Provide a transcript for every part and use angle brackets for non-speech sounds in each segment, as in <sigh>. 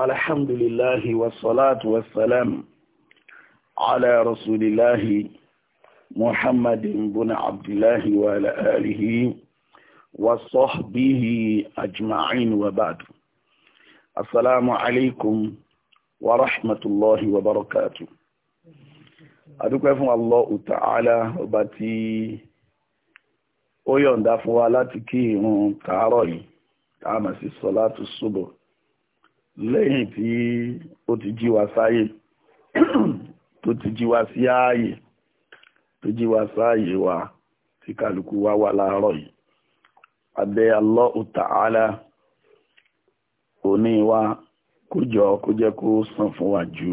الحمد لله والصلاة والسلام على رسول الله محمد بن عبد الله وعلى آله وصحبه أجمعين وبعد السلام عليكم ورحمة الله وبركاته adúpẹ́ fún Allahu Ta'ala ọba tí ó yọ̀ǹda fún wa láti kí ìrun tàárọ̀ yìí tá a mọ̀ sí sọ́látù lẹ́yìn tí ó ti jí wa sáyé <clears throat> tó ti jí wa sí ààyè tó jí wa sáàyè wa tí kálukú wa wà láàárọ̀ yìí abẹ́ Allahu Ta'ala òní wa kójọ kó jẹ́ kó sàn fún wa ju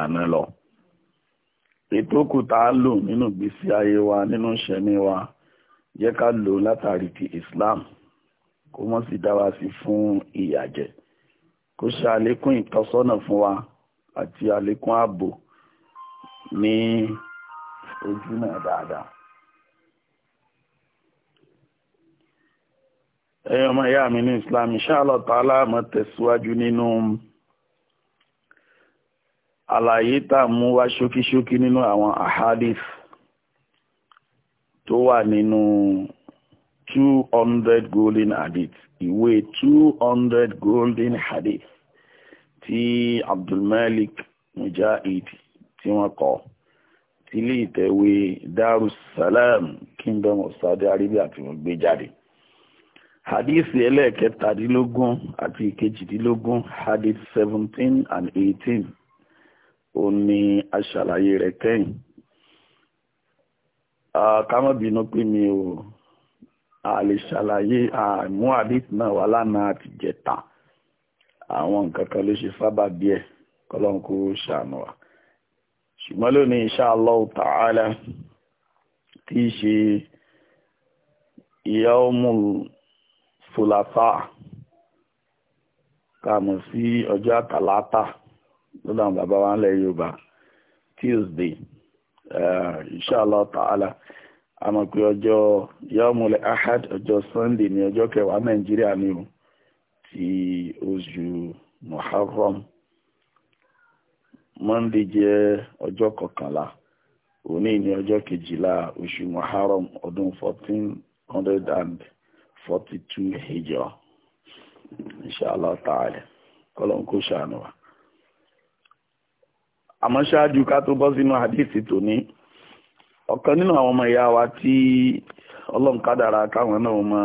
àná lọ ètò kù tá lò nínú ìgbésí ayé wa nínú ìṣẹ̀mí wa jẹ́ ká lò látàrí ti Islam kó mọ́ sì dá sí fún ìyàjẹ́ kó ṣe àlékún ìtọ́sọ́nà fún wa àti àlékún ààbò ní ojú náà dáadáa. ẹ̀yin ọmọ ìyá mi ní Islam inshallah ta'ala mo tẹ̀síwájú nínú àlàyé tá a mú wá ṣókíṣókí nínú àwọn ahadith tó wà nínú two hundred golden hadith ìwé two hundred golden hadith tí Abdulmalik Mujahid tí wọ́n kọ tí ilé ìtẹ̀wé Darussalam Kingdom of Saudi Arabia tí wọ́n gbé jáde hadisi ẹlẹ́ẹ̀kẹtàdínlógún àti ìkejìdínlógún hadith seventeen and eighteen ó ní aṣàlàyé rẹ̀ kẹ́yìn kámọ́bínú pé mi ò a lè ṣàlàyé àmú hadith náà wà lánàá àtìjẹta. àwọn nǹkan kan ló ṣe sábà bí ẹ̀ kọ́lọ́n ṣàánú wa ṣùgbọ́n lónìí insha tí í ṣe yawmul thulatha kàmù sí ọjọ́ àtàlátà lọ́dọ̀ bàbá wa ń yorùbá tuesday eh, insha ta'ala a pé ọjọ́ yawmul ahad ọjọ́ sunday ní ọjọ́ kẹwàá nàìjíríà ni sí oṣù muharram monday jẹ́ ọjọ́ kọkànlá òní ní ọjọ́ kejìlá oṣù muharram ọdún fourteen hundred and forty two hijra inṣàlá ta'ala kọlọ̀ nínú ọmọ wa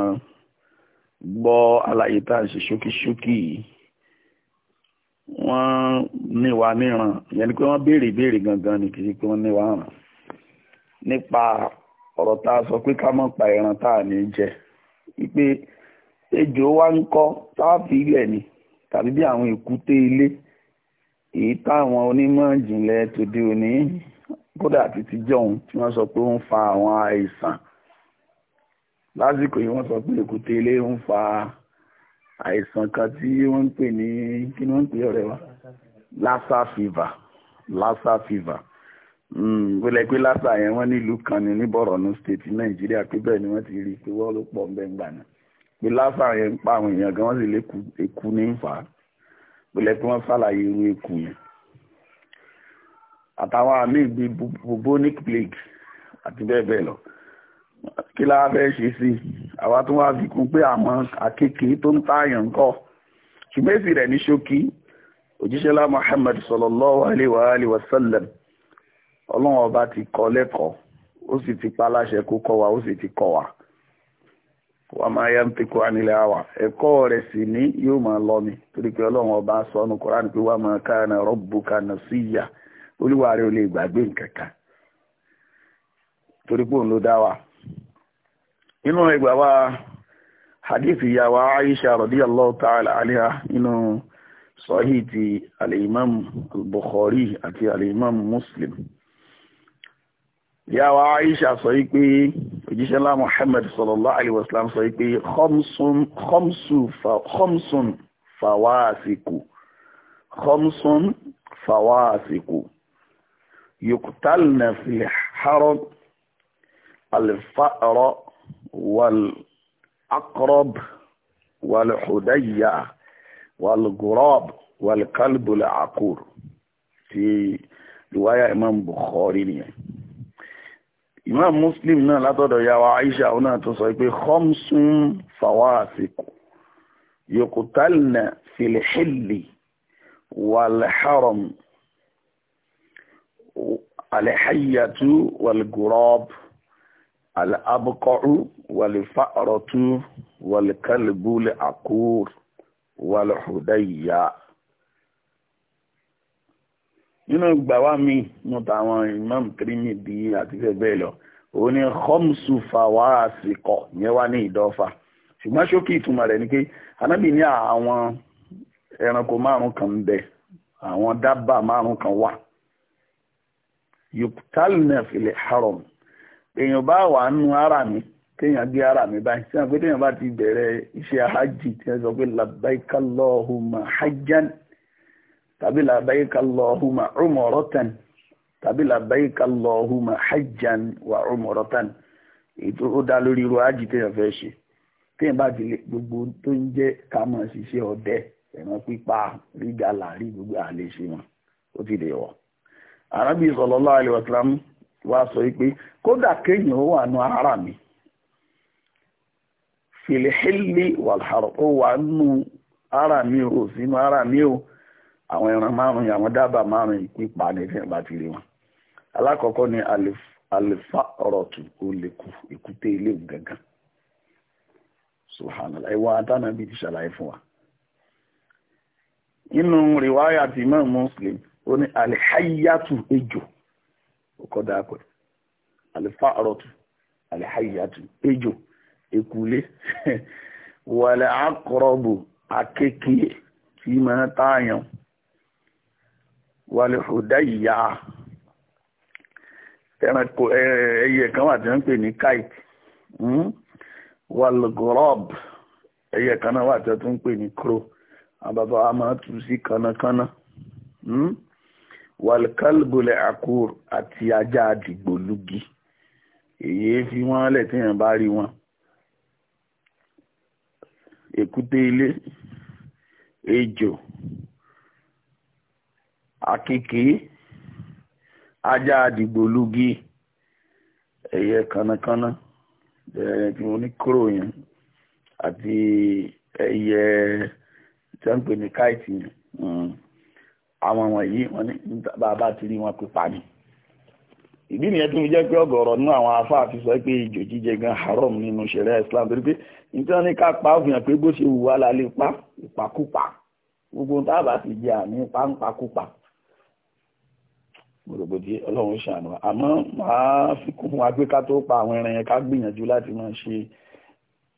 gbọ́ àlàyé tá à ń ṣe ṣókíṣókí yìí wọ́n níwa níran ìyẹn ni pé wọ́n béèrè ìbéèrè gangan ni kì í ṣe pé wọ́n níwa ràn nípa ọ̀rọ̀ tá a sọ pé ká mọ̀ pa ẹran tá à ní jẹ wípé ejò wa ń kọ́ táàfì ilẹ̀ ni tàbí bí àwọn èkúté ilé èyí táwọn onímọ̀ ìjìnlẹ̀ tòde òní kódà títí jọ̀hún tí wọ́n sọ pé ó ń fa àwọn àìsàn lásìkò yìí wọ́n sọ pé èkúté ilé ń fa àìsàn kan tí wọ́n ń pè ní kí ni wọ́n ń pè ọ̀rẹ́ wa lassa fever lassa fever wọlé hmm, pé lassa yẹn wọ́n nílùú kan ní Borno state Nàìjíríà pé bẹ́ẹ̀ ni wọ́n ti rí i pé wọ́n ló pọ̀ ń bẹ́ẹ̀ gbà náà pé lassa yẹn ń pa àwọn èèyàn gan wọ́n sì lè kú ní fà á wọlé pé wọ́n ṣàlàyé irú èkú yẹn àtàwọn àmì ìgbé bubonic plague àti bẹ́ẹ̀ bẹ́ẹ̀ lọ kí la fẹ́ ṣe sí àwa tó wá fi kún pé àwọn akéèké tó ń tààyàn ńkọ́ ṣùgbọ́n èsì rẹ̀ ní ṣókí òjíṣẹ́ lá Muhammad sallallahu alaihi wa alihi wa sallam ọlọ́run ọba ti kọ́ lẹ́kọ̀ọ́ ó sì ti pa aláṣẹ kó kọ́ wa ó sì ti kọ́ wa wa ma yantiqu anil hawa ẹ̀kọ́ rẹ̀ sì ní yóò máa lọ ni torí pé ọlọ́run ọba sọ ní Qur'an pé wa ma kana rabbuka nasiya olúwa rẹ̀ ò lè gbàgbé nǹkan kan torí pé òun ló dá wa inú ìgbà wa hadith ìyá wa aisha radiyallahu ta'ala aliha inú sọ́hí ti al-imam al-bukhari àti al-imam muslim ìyá wa aisha sọ wípé òjíṣẹ́ ńlá muhammad sallallahu alaihi wasallam sọ wípé khomsun fawasiku khomsun fawasiku yuqtalna fil haram al والأقرب والحدية والغراب والكلب العقور في رواية إمام بخاري نية إمام مسلم نا لاتدọ̀ يا وعائشة هنا تصيب خمس فواسق يقتلن في الحل والحرم الحية والغراب الأبقع والفأرة والكلب العقور والحدية nínú ìgbà wa mi mo tàwọn imam Tirmidhi àti bẹ́ẹ̀ bẹ́ẹ̀ lọ òun ni khomsu fawasikọ yẹn wá ní ìdọ́fà ṣùgbọ́n ṣókí ìtumọ̀ rẹ̀ ni pé anábì ní àwọn ẹranko márùn kan bẹ àwọn dábà márùn kan wà yuktalna fil haram èèyàn bá wà nù ara mi kéèyàn gé ara mi báyìí sí àgbẹ̀ téèyàn bá ti bẹ̀rẹ̀ iṣẹ́ hajj tí wọ́n sọ pé labbaika Allahumma hajjan tàbí labbaika Allahumma umratan tàbí labbaika Allahumma hajjan dá lórí irú hajj fẹ́ ṣe bá ti lè gbogbo tó ń jẹ́ ká máa ṣiṣẹ́ ọdẹ ẹ̀ràn pípa rí gàlà rí gbogbo àlè ṣe wọn ó ti àrábì wa sọ pé kódà kéèyàn ó wà nù ara mi filihili wàlhàrọ̀ ó wà nù ara mi sínú ara mi o àwọn ẹran márùn yìí àwọn dábàá márùn yìí pípa ní ìfẹ́ bá ti rí wọn ni alifa ọ̀rọ̀tù olèkù èkúté ilé gangan subhanallah ìwà àtànà bíi ti ṣàlàyé fún wa nínú rìwáyà Muslim ụkọdụ akwa alifarot alihayat ejo ekule wale akọrọbụ akekie imeta anya wale hudaya eyi kan hmm? wa ti n pe ni wale gorob eyi kan wa ti n pe ni kro ababa ama tu si kanakana hmm? wàlkálbùlẹ̀ akur àti ajá àdìgbòlugi èyí fi wọ́n lẹ̀ tí yẹn bá rí wọn èkúté ilé ejò àkekè ajá àdìgbòlugi ẹyẹ kanakana ẹyẹ tí wọ́n ní kúrò yẹn àti ẹyẹ tí wọ́n ń pè ní káìtì yẹn. Hmm àwọn wọ̀nyí wọ́n ní bàbá ti rí wọn pípa ni ìdí nìyẹn tó fi jẹ́ pé ọ̀gọ̀rọ̀ nínú àwọn afáà fi sọ pé ìjò jíjẹ gan haram nínú ṣẹ̀ríà Islam torí pé nítorí ní ká pa ó fi hàn pé bó ṣe wù wá la lè pa ìpakúpa gbogbo ohun táàbà ti jẹ àmì páńpakúpa mo rò bó di ọlọ́run ṣàánú àmọ́ màá fi kún fún wa pé ká tó pa àwọn ẹran yẹn ká gbìyànjú láti máa ṣe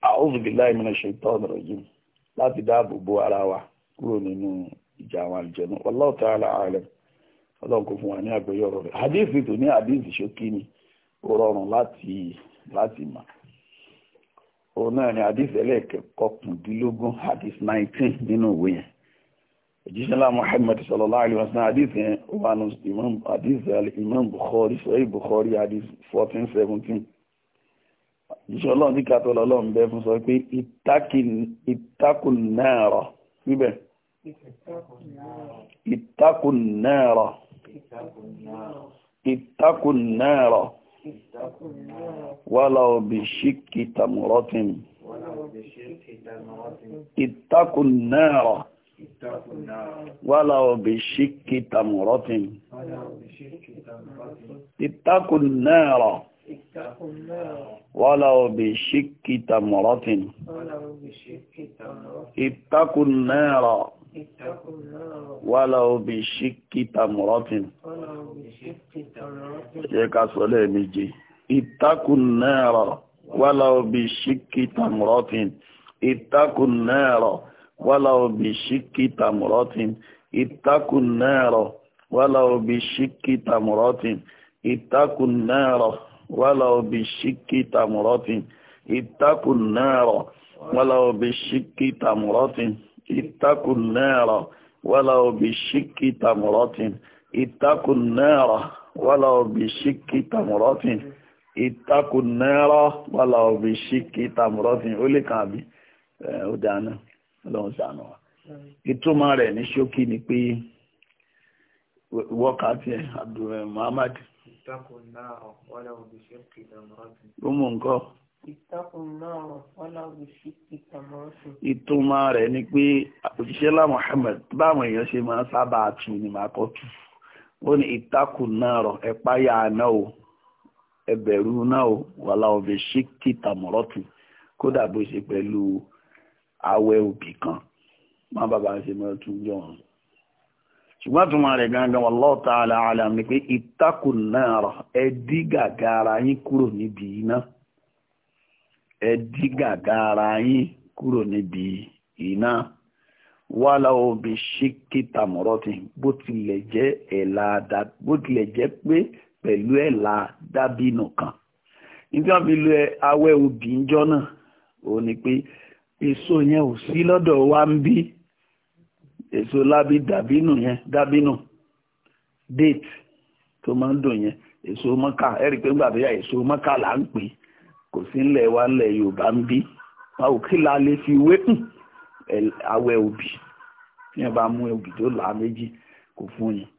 àófìdíláìmínà ṣe tọ́ ọ̀dọ̀rọ̀ yìí láti dáàbò bo ara wa kúrò nínú ìjà àwọn àlùjẹ̀nú wallahu ta'ala a'lam ọlọ́run kò fún wa ní àgbẹ̀yọ̀ ọ̀rọ̀ rẹ̀ hadith tó ní hadith ṣókí ni ó rọrùn láti láti mà òun náà ni hadith ẹlẹ́ẹ̀kọkàndínlógún hadith nineteen nínú ìwé yẹn òjíṣẹ́lá Muhammad sallallahu alaihi wasallam hadith yẹn ó wà nù hadith imam Bukhari sahih Bukhari hadith fourteen seventeen ìṣọ́ ọlọ́run ní kàtó bẹ́ẹ̀ fún sọ pé ìtàkùn náà síbẹ̀. اتقوا النار اتقوا النار ولو بشك تمرة اتقوا النار ولو بشك تمرة اتقوا النار ولو بشك تمرة اتقوا النار wàhálà obì ṣíkítà mọ̀rọ́tìn ṣe ká sọ lẹ́ẹ̀mejì ìtakùn náírà wàhálà obì ṣíkítà mọ̀rọ́tìn ìtakùn náírà wàhálà obì ṣíkítà mọ̀rọ́tìn ìtakùn náírà wàhálà obì ṣíkítà mọ̀rọ́tìn ìtakùn náírà wàhálà obì ṣíkítà mọ̀rọ́tìn ìtakùn náírà wàhálà obì ṣíkítà mọ̀rọ́tìn. اتقوا النار ولو بشق تمرة اتقوا النار ولو بشق تمرة اتقوا النار ولو بشق تمرة ó lè kàn bí ó dáná ọlọ́run rẹ̀ ní ṣókí ni pé wọ́kàtí ó mú nǹkan. ìtumọ̀ rẹ̀ ni pé òjíṣẹ́ lá Muhammad báwọn èèyàn ṣe máa ń sábà tù ní màá kọ́ tù ó ní ìtakùn náà rọ̀ ẹ̀páyà náà o ẹbẹ̀rù náà o wà láwọn fi ṣí kìtà mọ́rọ́tù kódà bó ṣe pẹ̀lú awẹ́ òbí kan má bàbá ṣe máa tún jọ wọn. ṣùgbọ́n ìtumọ̀ rẹ̀ gangan wallahu ta'ala alam ni pé ìtakùn náà rọ̀ ẹ dí gàgàrà yín kúrò níbi iná. ẹ ara yín kúrò níbi iná wàhálà òbí ṣíkìtà mọ́rọ́tì bó tilẹ̀ jẹ́ kan nígbà fi lo awẹ́ obì ń jọ́ náà ó ní pé èso yẹn ò wa ń bí èso lábí dàbínù yẹn dàbínù date tó máa ń dùn yẹn èso mọ́kà ẹ̀rí pé ń gbàdúrà kò sí ńlẹ̀ wa ńlẹ̀ yorùbá ń bí wa ò kí la lè fi wé awẹ́ òbí tí wọ́n bá mú òbí tó là á méjì kò fún yín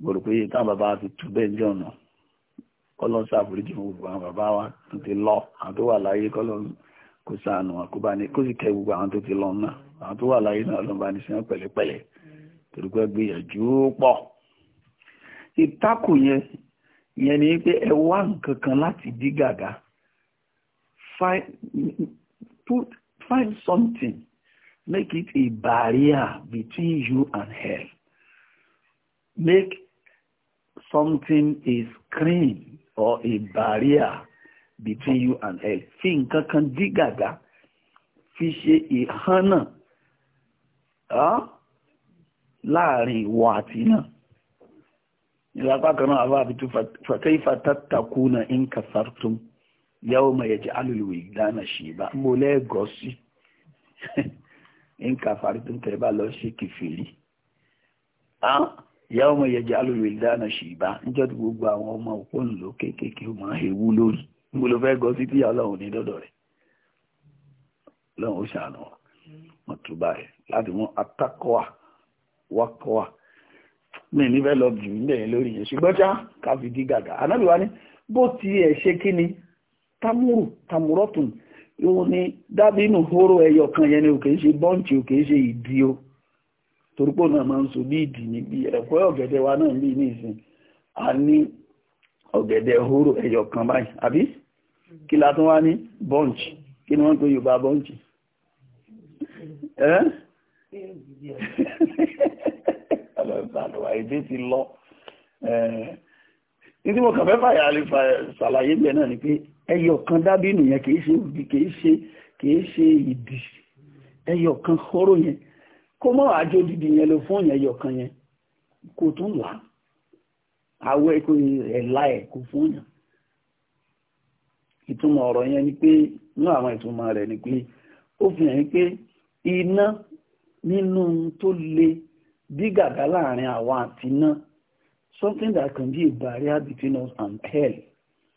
mo pé táwọn bàbá ti tù bẹ́ẹ̀ ní ọ̀nà obi ṣàforíjì gbogbo àwọn bàbá wa ti lọ àwọn tó wà láyé kọ́lọ́n kò sànù wọn kó bá ní kó sì ti lọ náà àwọn tó wà láyé náà ló ń bá ní sẹ́wọ̀n pẹ̀lẹ́pẹ̀lẹ́ gbìyànjú pọ̀ ìtakùn yẹn yẹn ni pé ẹ wá nǹkan kan find, put, find something. Make it a barrier between you and hell. Make something a screen or a barrier between you and hell. Fi can kan dí gàgà fi ṣe ìhánà láàrin ìwọ àti náà. Ìlàpá kan náà àbá àbítú fa kayfa tattakuna in yàwó ma yẹjẹ alùlùwì dáná ṣìbá mo lẹ́gọ̀ọ́ sí nǹkan àfàrí tó ń tẹ̀lé lọ sí kìfìrí yàwó ma yẹjẹ alùlùwì dáná ọmọ òpó ńlò kéékèèké ó hewu lórí mo tí ọlọ́run ní dọ́dọ̀ bá láti mi lọ lórí yẹn gàgà anábìwá ni bó tamuru tamurotun ìwọ̀n ni dabinu horo ẹyọ kan yẹn ni òkè ṣe bọ́ǹtì òkè ṣe ìdí o torípò náà máa ń so bí ìdí níbi ẹ̀kọ́ ọ̀gẹ̀dẹ̀ wa náà bí nísìn a ní ọ̀gẹ̀dẹ̀ horo ẹyọ kan báyìí àbí kí la tún wá ní bọ́ǹtì kí ni wọ́n pe yorùbá bọ́ǹtì ní mo kàn fẹ́ fàyà ṣàlàyé bẹ́ẹ̀ náà ni pé ẹyọ dábínú yẹn kìí ṣe òbí kìí ṣe kìí ṣe ìdì yẹn kó mọ́ àjò dìdì yẹn ló fún yẹn yẹn kò tún là àwọ̀ ẹ̀kọ́ ẹ̀la ẹ̀ kò fún yẹn ìtumọ̀ ọ̀rọ̀ yẹn ni àwọn ni pé ó nínú tó le bí gàgá láàrin àwa àti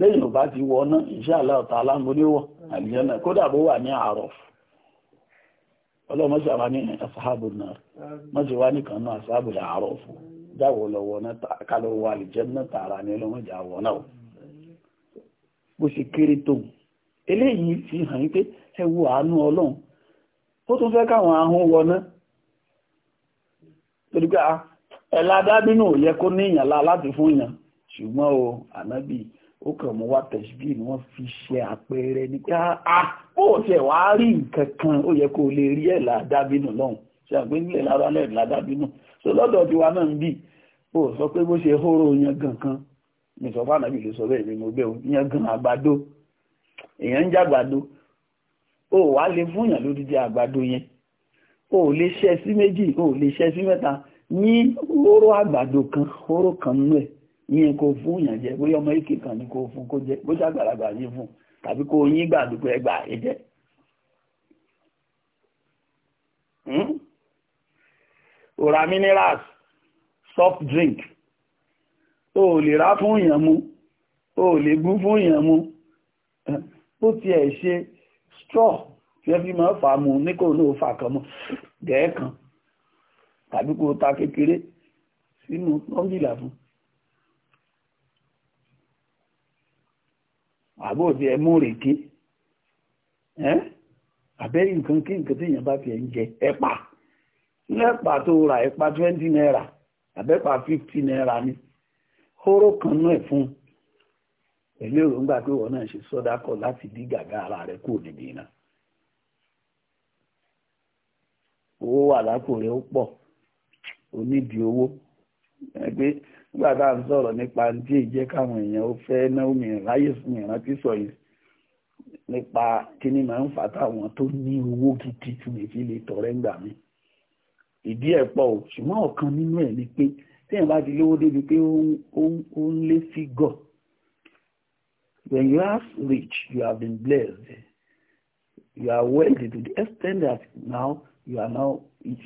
lẹ́yìn ò ti wọ náà insha Allah ta'ala aláǹgbóníwọ̀ àlìjẹ́nà kódà bó wà ní Àrọ̀f ọlọ́mọ́sí ní tààrà ní ó tún fẹ́ káwọn ahun ah, ẹ̀lá dábínú ò yẹ kó ní ìyànlá láti fún ìyàn ṣùgbọ́n o ànábì ó kàn mú wá tẹ̀síbí ni wọ́n fi ṣe àpẹẹrẹ ní pé ah, ah bó o ṣe wàá rí nǹkan kan ó yẹ kó o lè rí ẹ̀ làdábínú lọ́hùn ṣe àgbẹ̀ nílẹ̀ lára lẹ̀ làdábínú so lọ́dọ̀ tiwa náà ń bì ó sọ pé bó ṣe hóró yan gan kan mi sọ fún ànábì ló sọ bẹ́ẹ̀ mi mo bẹ́ẹ̀ o yan gan àgbàdo èèyàn ń jàgbàdo ó wàá lè fún yàn lódìdí àgbàdo yẹn ó lè ṣẹ́ sí méjì ó lè ṣẹ́ sí mẹ́ta ní hóró àgbàdo kan hóró kan nú ẹ̀ yín kó fún èèyàn jẹ bóyá ọmọ èkè kan ni kó fún kó jẹ bó ṣàgbàlagbà yín fún tàbí kó yín gbàdúgbò ẹgbà ẹ jẹ. ó hmm? ra minerals soft drink o ò lè rà fún èèyàn mu o ò lè gún fún èèyàn mu ó tiẹ̀ ṣe straw tí ẹ fi máa fà á mu ní kò ní ò fà kan mọ́ gẹ̀ẹ́ kan tàbí kó ta kékeré sínú nọ́mbìlà fún un àbóòdì ẹ mú rèké ẹ àbẹ́rì nǹkan kí nǹkan tí èèyàn bá fi ń jẹ ẹ̀pà lẹ́pà tó ra ẹ̀pà twenty naira àbẹ́pà fifty naira ni hóró kan náà fún pẹ̀lú èròǹgbà pé náà ṣe sọ́dá kọ̀ láti dí gàgá ara rẹ̀ kúrò níbi iná owó wà lápò rẹ̀ pé nígbà tá à ń sọ̀rọ̀ nípa tí ìjẹ́ káwọn èèyàn ó fẹ́ náwó mìíràn ráyè mìíràn tí sọ yìí nípa kíní máa ń fà táwọn tó ní owó gidi tí mi fi lè tọrẹ ń gbà mí ìdí ẹ̀ pọ̀ o ṣùgbọ́n ọ̀kan nínú ẹ̀ ni pé téèyàn bá ti lówó débi pé ó ń lé sí gọ̀ when you have rich you have been blessed you are wealthy to the extent that now you are now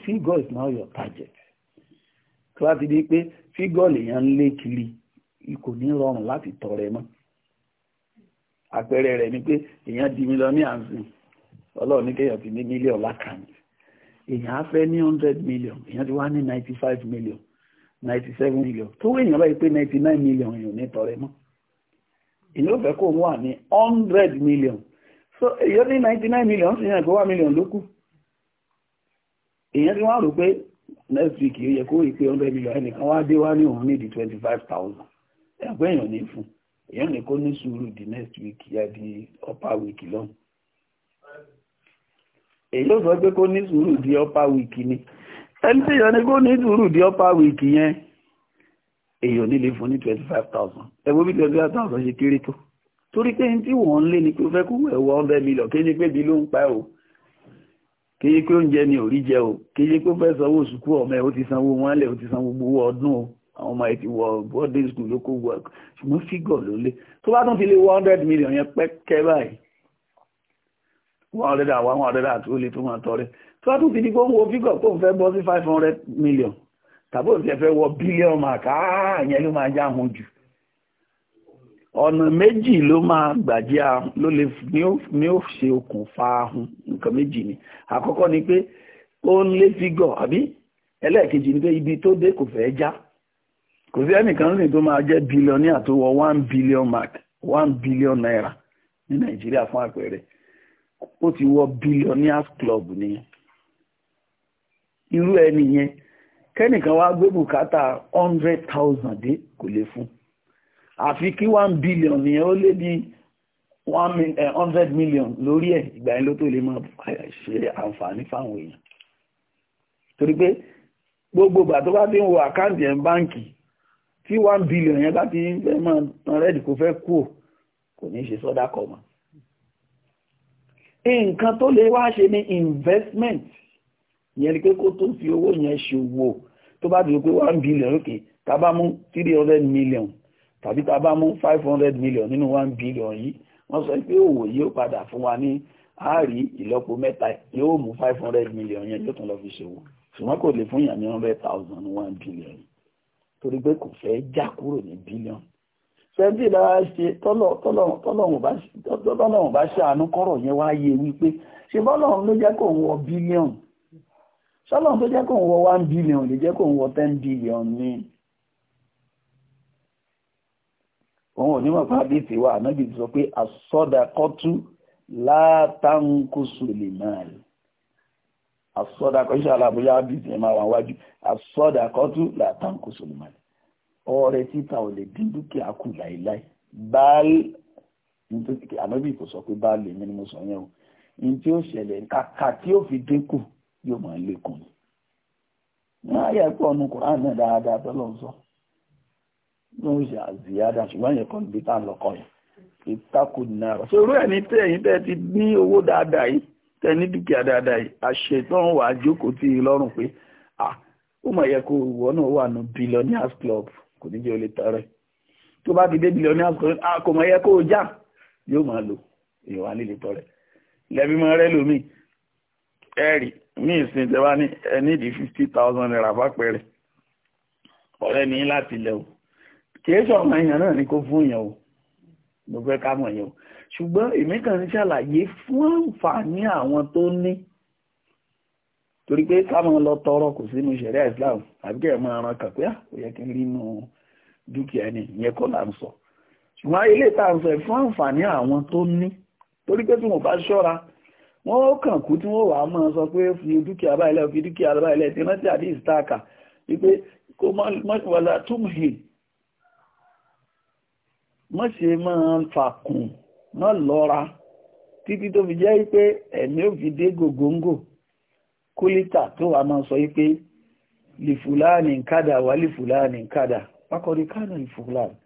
figure is now your target tó bá ti di pé fígọ́ọ̀lì yẹn ń lé kiri kò ní rọrùn láti tọrẹ mọ́ àpẹẹrẹ rẹ̀ ni pé èèyàn di mílíọ̀nù àǹsìn ọlọ́run ní kéèyàn ti ní mílíọ̀nù lákàntì èèyàn á fẹ́ ní hundred million èèyàn ti wá ní ninety five million ninety seven million tó wé èèyàn báyìí pé ninety nine million èèyàn ní tọrẹ mọ́ èèyàn ò fẹ́ kó wà ní hundred million so èèyàn ní ninety nine million sì yàn pé one million ló kù èèyàn ti wá rò pé next week yẹ kó rí pé hundred million ẹnìkan wá dé wá ní òun ní di twenty five thousand ẹgbẹ́ èèyàn ní fún èèyàn ní kó sùúrù di next week yẹ di upper week lọ́hùn èyí ó sọ pé kó ní sùúrù di upper week ni ẹni tí èèyàn ní kó ní sùúrù di upper week yẹn èèyàn nílé fún ní twenty five thousand ẹ̀wọ́n bí twenty five thousand ṣe kéré tó torí pé ní tí wọ́n ń lé ni pé ó fẹ́ kó wẹ̀ wọ hundred million kí ni pé bí ló ń pa ẹ̀ kéye pé oúnjẹ ni ò rí jẹ o kéye pé ó fẹ́ sanwó sùkú ọmọ ẹ̀ ó ti sanwó wọn lẹ̀ ó ti san gbogbo owó ọdún o àwọn ọmọ ẹ̀ ti wọ boarding school ló kó wọ ṣùgbọ́n fígọ̀ ló lé tó bá tún fi lé one hundred million yẹn pẹ́kẹ́ báyìí one hundred and one hundred and two lè tó máa tọrẹ tó bá tún fi di pé ó ń wo fígọ̀ kó ń fẹ́ bọ́ sí five hundred million tàbí òun ti fẹ́ wọ billion mark áá ah, ìyẹn ló máa já jù ọ̀nà méjì ló máa gbàjẹ́ ahun ló lè ní ó ṣe okùnfà ahun nǹkan méjì ni àkọ́kọ́ ni pé ó ń lé fígọ̀ àbí ẹlẹ́ẹ̀kejì ni pé ibi tó dé kò fẹ́ já kò sí ẹnìkan lónìí tó máa jẹ́ bílíọ̀nìyà tó wọ one billion mark one billion naira ní nàìjíríà fún àpẹẹrẹ ó ti wọ billionaires club nìyẹn irú ẹni yẹn kẹ́nìkan wá gbé bùkátà hundred thousand dé kò lè fún un àfi kí one billion yẹn ó lé ní one eh, hundred million lórí ẹ̀ ìgbà yẹn ló tó lè máa ṣe àǹfààní fáwọn èèyàn torí pé gbogbo ìgbà tó bá ti ń wo àkáǹtì ẹ̀ ń báǹkì tí one billion yẹn bá ti ń fẹ́ máa tan rẹ́ẹ̀dì kó fẹ́ kú kò ní ṣe sọ́dá kọ̀ mọ́ nǹkan tó lè wá ṣe ní investment yẹn ni pé kó tó fi owó yẹn ṣòwò tó bá ti rò pé one billion okay tá bá mú three hundred million tàbí tá a bá mú five hundred million nínú one billion yìí wọ́n sọ pé òwò yóò padà fún wa ní àárí ìlọ́po mẹ́ta yóò mú five hundred million yẹn yóò tún lọ fi ṣòwò ṣùgbọ́n kò lè fún yàn ní hundred thousand one billion torí pé kò fẹ́ já kúrò ní billion sẹ́ńtì lára ṣe tọ́lọ́hùn bá ṣàánú kọ́rọ̀ yẹn wá yé wípé ṣe bọ́lọ́hùn ló jẹ́ kó ń wọ bílíọ̀n ṣọ́lọ́hùn tó jẹ́ kó ń wọ one billion lè jẹ́ kó ń wọ ten billion ní òun ò ní mọ̀ fábí ti wà náà bí ti sọ pé àsọdàkọ́tú látàǹkóso lè máa rí àsọdàkọ́ iṣẹ́ alábòyá bí ti máa wà wájú àsọdàkọ́tú látàǹkóso lè máa rí ọrẹ títà ò lè dín dúkìá kù láìláì báàlì nítorí ànábì kò sọ pé báàlì mi ni mo sọ yẹn o ní tí ó ṣẹlẹ̀ kàkà tí ó fi dínkù yóò máa lékún ní. ayé ẹ̀kọ́ ọ̀nù kùrán náà dáadáa tọ́lọ́ wọ́n ṣe àzíyádà ṣùgbọ́n yẹn kan bí tá lọ́kọ̀ yẹn ìtakò náírà sórú ẹ̀ ní tẹ̀yìn tẹ́ ti ní owó dáadáa yìí tẹ́ ní dúkìá dáadáa yìí àṣetán wàá jókòó tí ì lọ́rùn pé à ó mọ̀ yẹ kó ìwọ náà wà ní billionaires club kò ní jẹ́ olè tọrẹ tó bá ti billionaires club à kò mọ̀ yẹ kó o já yóò máa lò ìwà líle tọrẹ lẹ́bí mọ́ rẹ́ lómi ẹ̀rì ní ìsìn tẹ́wá ní ẹ nídìí fifty thousand naira bá pẹ̀rẹ̀ ọ̀rẹ́ ní láti lẹ́wọ̀ kìí ṣọ̀rọ̀ èèyàn náà ni kó fún èèyàn o mo fẹ́ ká mọ̀ yẹn o ṣùgbọ́n èmi kàn ń ṣàlàyé fún àǹfààní àwọn tó ní torí pé káwọn lọ tọrọ kò sínú ìṣẹ̀rẹ́ Islam àbí kẹ́ ẹ̀ máa ran kàn pé à ah, ó yẹ kí n rí inú dúkìá ni ìyẹn kọ́ là ń sọ ṣùgbọ́n ilé tá à ń sọ ẹ̀ fún àǹfààní àwọn tó ní torí pé tí wọ́n bá ṣọ́ra wọ́n ó kàn kú tí wọ́n wàá máa sọ pé fi dúkìá báyìí lẹ́ẹ̀ fi dúkìá báyìí lẹ́ẹ̀ tí rántí àdí ìsítáàkà wípé kó mọ́ wàlá túmùhìn mọ́ ṣe máa fàkùn náà lọ́ra títí tó fi jẹ́ wípé ẹ̀mí ò fi dé gògóńgò kólítà tó wà máa sọ wípé lìfùláàní kádà wà lìfùláàní kádà pákọ̀rí kánà lìfùláàní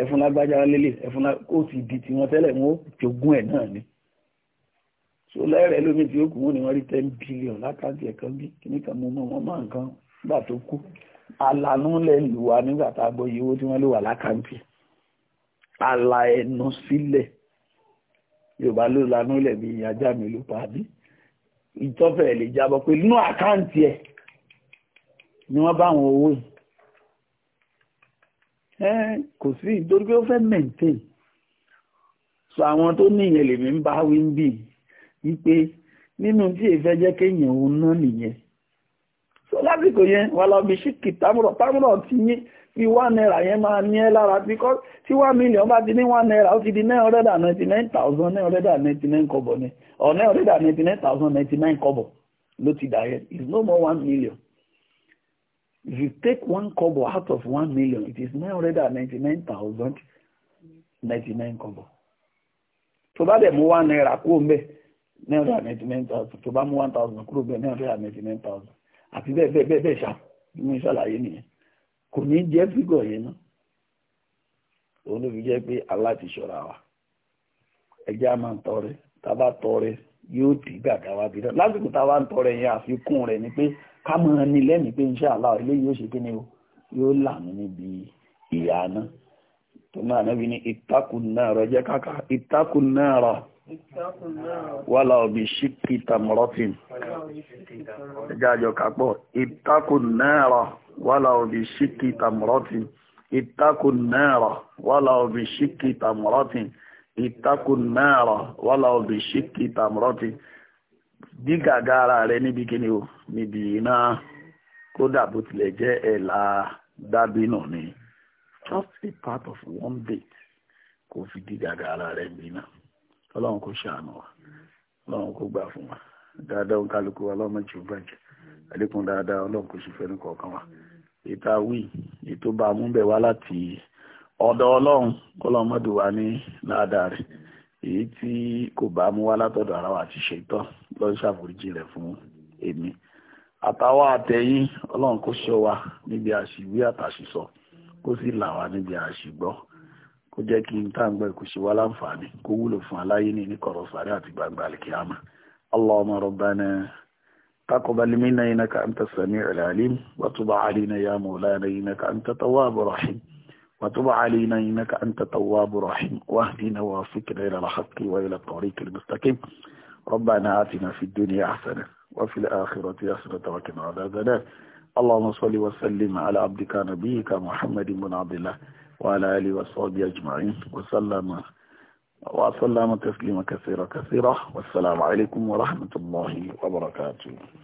ẹ̀fún lágbájá lélẹ̀ ẹ̀fún ó ti di tí wọ́n tẹ́lẹ̀ wọ́n jogún ẹ̀ náà ni so lẹ́rẹ̀ẹ́ lómi tí ó kù wọ́n ni wọ́n rí ten billion lákàntì ẹ̀kan bí kíní kan mú mọ́ wọn máa nǹkan gbà tó kú alànú lẹ́ lù nígbà tá a gbọ́ iye owó tí wọ́n lè wà lákàntì ala ẹnu sílẹ̀ yorùbá ló lanú lẹ̀ bí ajá mi ló pàdé ìtọ́fẹ̀ lè jábọ̀ pé nínú àkáǹtì ẹ̀ ni wọ́n bá àwọn owó ẹ̀ kò sí nítorí pé ó fẹ́ maintain so àwọn tó ní ìyẹn lèmi ń bá wí ń bì nínú tí èfẹ́ jẹ́ kéèyàn òun náà nìyẹn so lásìkò yẹn wà lọ́ọ́ bí ṣíkì támúrọ̀ támúrọ̀ ti yín tí one naira yẹn máa ní ẹ́ lára because tí one million bá ti ní one naira ó ti di nine hundred and ninety nine thousand nine hundred and ninety nine kọ́bọ̀ ni or nine hundred and ninety nine thousand ninety nine kọ́bọ̀ ló ti dà yẹn it's no more one million if you take one kọ́bọ̀ out of one million it is nine hundred and ninety nine thousand ninety nine kọ́bọ̀ tó bá dẹ̀ mú one naira kúrò ń bẹ̀ nine hundred and ninety nine thousand tó bá mú one thousand kúrò ń bẹ̀ nine hundred and ninety nine thousand àti bẹ́ẹ̀ bẹ́ẹ̀ bẹ́ẹ̀ ṣá mo ṣàlàyé nìyẹn kò ní jẹ́ fígọ̀ yẹn náà òun ló fi jẹ́ pé aláti ṣọ́ra wa ẹjẹ́ a máa ń tọrẹ tábà tọrẹ yóò dì gbàgbà wa bí náà lásìkò táwa ń tọrẹ yẹn àfikún rẹ̀ ni pé ká máa ní lẹ́mìí pé iṣẹ́ àlá eléyìí yóò ṣe kí ni o yóò lànà níbi ìyá náà tó náà níbi ní ìtakùn náà rẹ jẹ́ káka ìtakùn náà rà wàlá òbí ṣíkì tàmọ́rọ́fìn ẹjẹ́ àjọ kápọ̀ ìtakùn náà rà wàlà òbí ṣíkì tàmùrọ́tì ìtakùn náírà wàlà òbí ṣíkì tàmùrọ́tì ìtakùn náírà wàlà òbí ṣíkì tàmùrọ́tì dí gàgà ara rẹ níbi kíni o níbi iná kódà bó tilẹ̀ jẹ́ ẹ̀là dábínú ni just a part of one date kò fi dí gàgà rẹ bí ọlọ́run kò ṣàánú wa ọlọ́run kò gbà fún wa dáadáa ń kálukú wa lọ́mọ jù bàjẹ́ àlékún dáadáa ọlọ́run kò sì fẹ́ni kọ̀ọ̀kan wa ìta wí ètò bá a mú bẹ̀ wá láti ọ̀dọ̀ ọlọ́run kọ́lọ́run mọ́dù wa ní dáadáa rẹ̀ èyí tí kò bá mú wá látọ̀dọ̀ ara wa àti ṣètọ́ lọ́n ṣàforíjì rẹ̀ fún èmi àtàwọn àtẹ̀yìn ọlọ́run kò ṣọ́ wa níbi àṣìwí àtàṣìsọ kó sì là wá níbi àṣìgbọ́ kó jẹ́ kí n tá à ń gbọ́ ìkùsí wa láǹfààní kó wúlò fún aláyé ní ní kọ̀rọ̀ àti gbangba àlìkíyàmà Allahumma rabbana. تقبل منا إنك أنت السميع العليم وتب علينا يا مولانا إنك أنت تواب رحيم وتب علينا إنك أنت تواب رحيم واهدنا وافقنا إلى الحق وإلى الطريق المستقيم ربنا آتنا في الدنيا حسنة وفي الآخرة حسنة وقنا عذابنا اللهم صل وسلم على عبدك نبيك محمد بن عبد الله وعلى آله وصحبه أجمعين وسلم وسلم تسليما كثيرا كثيرا والسلام عليكم ورحمة الله وبركاته